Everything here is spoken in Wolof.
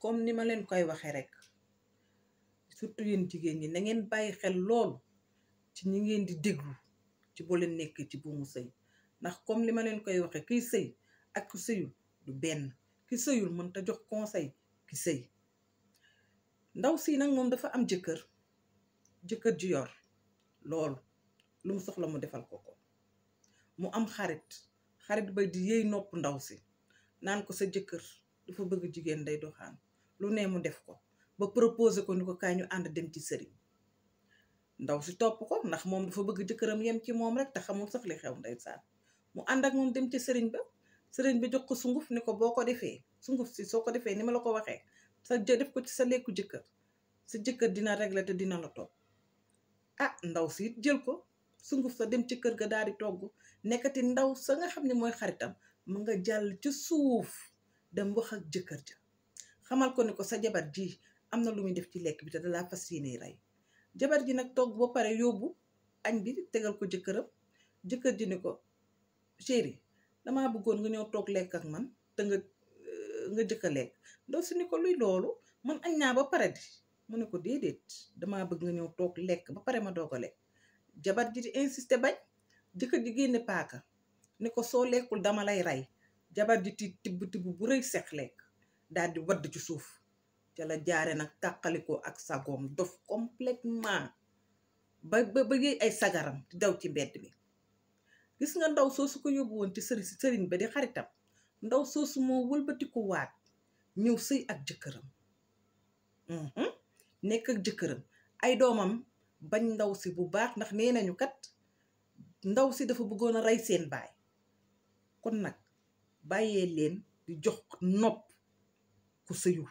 comme ni ma leen koy waxee rek surtout yéen jigéen ñi na ngeen bàyyi xel loolu ci ñi ngeen di déglu ci boo leen nekkee ci mu sëy ndax comme li ma leen koy waxee kiy sëy ak ku sëyul du benn ki sëyul mën ta jox conseil ki sëy ndaw si nag moom dafa am jëkkër jëkkër ji yor loolu lu mu soxla mu defal ko ko mu am xarit xarit bay di yëy nopp ndaw si naan ko sa jëkkër dafa bëgg jigéen day doxaan lu nee mu def ko ba proposé ko ni ko kaa ñu ànd dem ci sëriñ ndaw si topp ko ndax moom dafa bëgg jëkkëram yem ci moom rek te xamul sax li xew ndeysaan mu ànd ak moom dem ci sëriñ ba sëriñ bi jox ko sunguf ni ko boo ko defee sunguf si soo ko defee ni ma la ko waxee sa jë def ko ci sa lekku jëkkër sa jëkkër dina régler te dina la topp ah ndaw siit jël ko sunguf sa dem ci kër ga daal di togg nekkati ndaw sa nga xam ne mooy xaritam mu nga jàll ci suuf dem waxak jëkkër ja xamal ko ni ko sa jabar ji am na lu muy def ci lekk bi te dalaa fas yéene rey jabar ji nag togg ba pare yóbbu añ bi tegal ko jëkkëram jëkkër ji ni ko chéri dama bëggoon nga ñëw toog lekk man te nga eh, nga jëkk a lekk ndaw si ni ko luy loolu man añ naa ba pare di mu ne ko déedéet damaa bëgg nga ñëw toog lekk ba pare ma doog a lekk jabar ji di insisté bañ jëkkër ji génne paaka ni ko soo lekkul dama lay rey jabar ji ti tibb tibb bu rëy seq lekk daal di wadd ci suuf ca la jaare nag tàqalikoo ak sagoom dof complètement ba ba bëggee ay sagaram di daw ci mbedd bi gis nga ndaw su ko yóbbu woon ci sëriñ sëriñ ba di xaritam ndaw soosu moo wëlbatiku waat ñëw sëy ak jëkkëram mhm. nekk ak jëkkëram ay doomam bañ ndaw si bu baax ndax nee nañu kat ndaw si dafa bëggoon a rey seen baay kon nag bàyyee leen di jox nopp saiu.